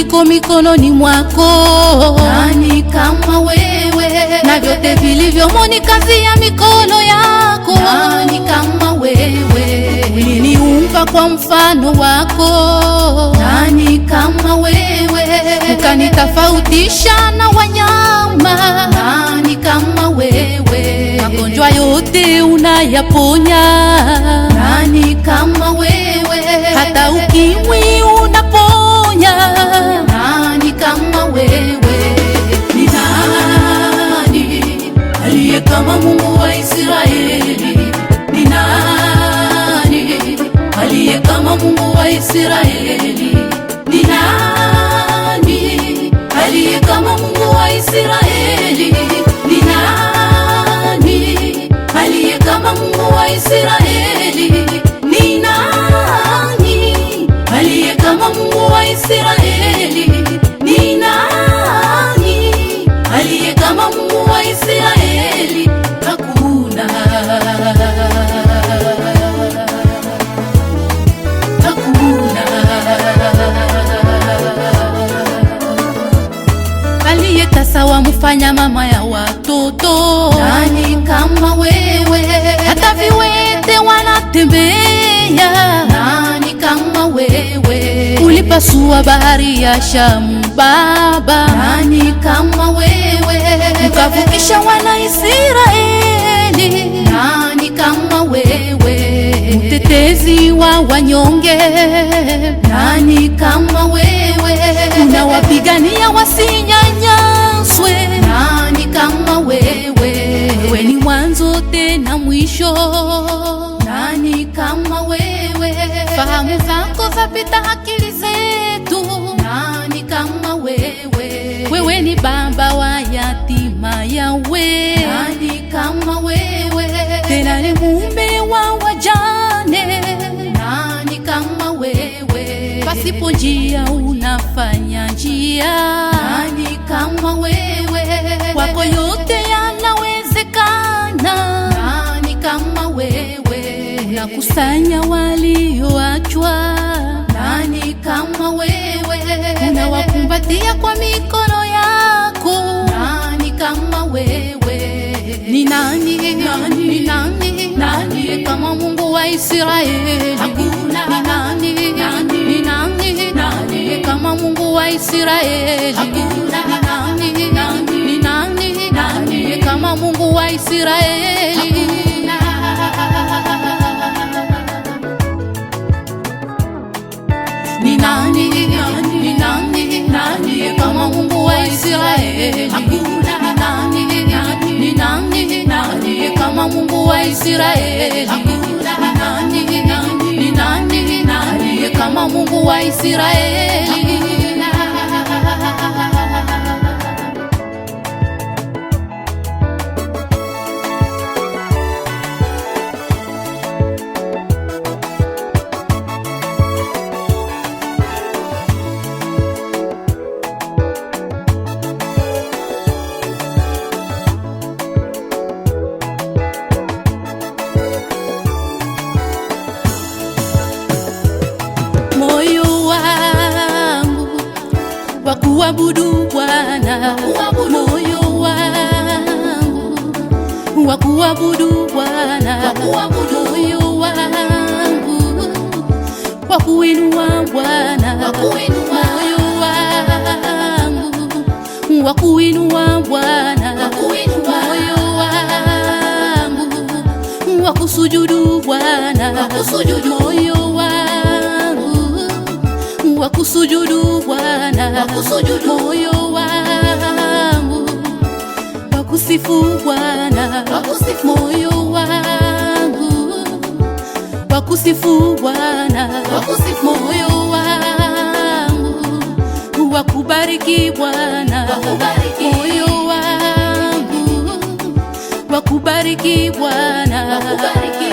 iko mikononi mwako. Nani kama wewe? Na vyote vilivyomo ni kazi ya mikono yako. Nani kama wewe? Uliniumba kwa mfano wako. Nani kama wewe? Ukanitofautisha na wanyama. Nani kama wewe? Magonjwa yote unayaponya. Nani kama wewe? Hata ukimwi aliye kama Mungu wa Israeli ni nani? Aliye kama Mungu wa Israeli ni nani? Aliye kama Mungu wa Israeli ni nani? Aliye kama Mungu wa Israeli ni nani? Aliye kama Mungu wa Israeli kufanya mama ya watoto. Nani kama wewe? Hata viwete wanatembea. Nani kama wewe? Ulipasua bahari ya Shamu baba. Nani kama wewe? Ukavukisha wana Israeli. Nani kama wewe? Mtetezi wa wanyonge. Nani kama wewe? Unawapigania wasinya zote na mwisho. Nani kama wewe? Fahamu zako zapita akili zetu. Nani kama wewe? Wewe ni baba wa yatima ya we. Nani kama wewe? Tena ni mume wa wajane. Nani kama wewe? Pasipo njia unafanya njia. Nani kama wewe? Unakusanya walioachwa, nani kama wewe? Unawakumbatia kwa mikono yako, nani kama wewe? Ni nani, nani, ni nani, nani kama Mungu wa Israeli? Hakuna. Ni nani, nani, ni nani, nani kama Mungu wa Israeli? Hakuna. Ni nani, nani, nani kama Mungu wa Israeli? Israeli. nani nani kama Mungu wa Israeli. nani nani kama Mungu wa Israeli. kuabudu Bwana moyo wangu wa kuabudu Bwana moyo wangu wa kuinua Bwana moyo wangu wa kuinua Bwana moyo wangu wa kusujudu Bwana moyo wangu wa kusujudu na moyo wangu Bwana, moyo wangu Bwana, moyo wangu Bwana, moyo wangu Bwana.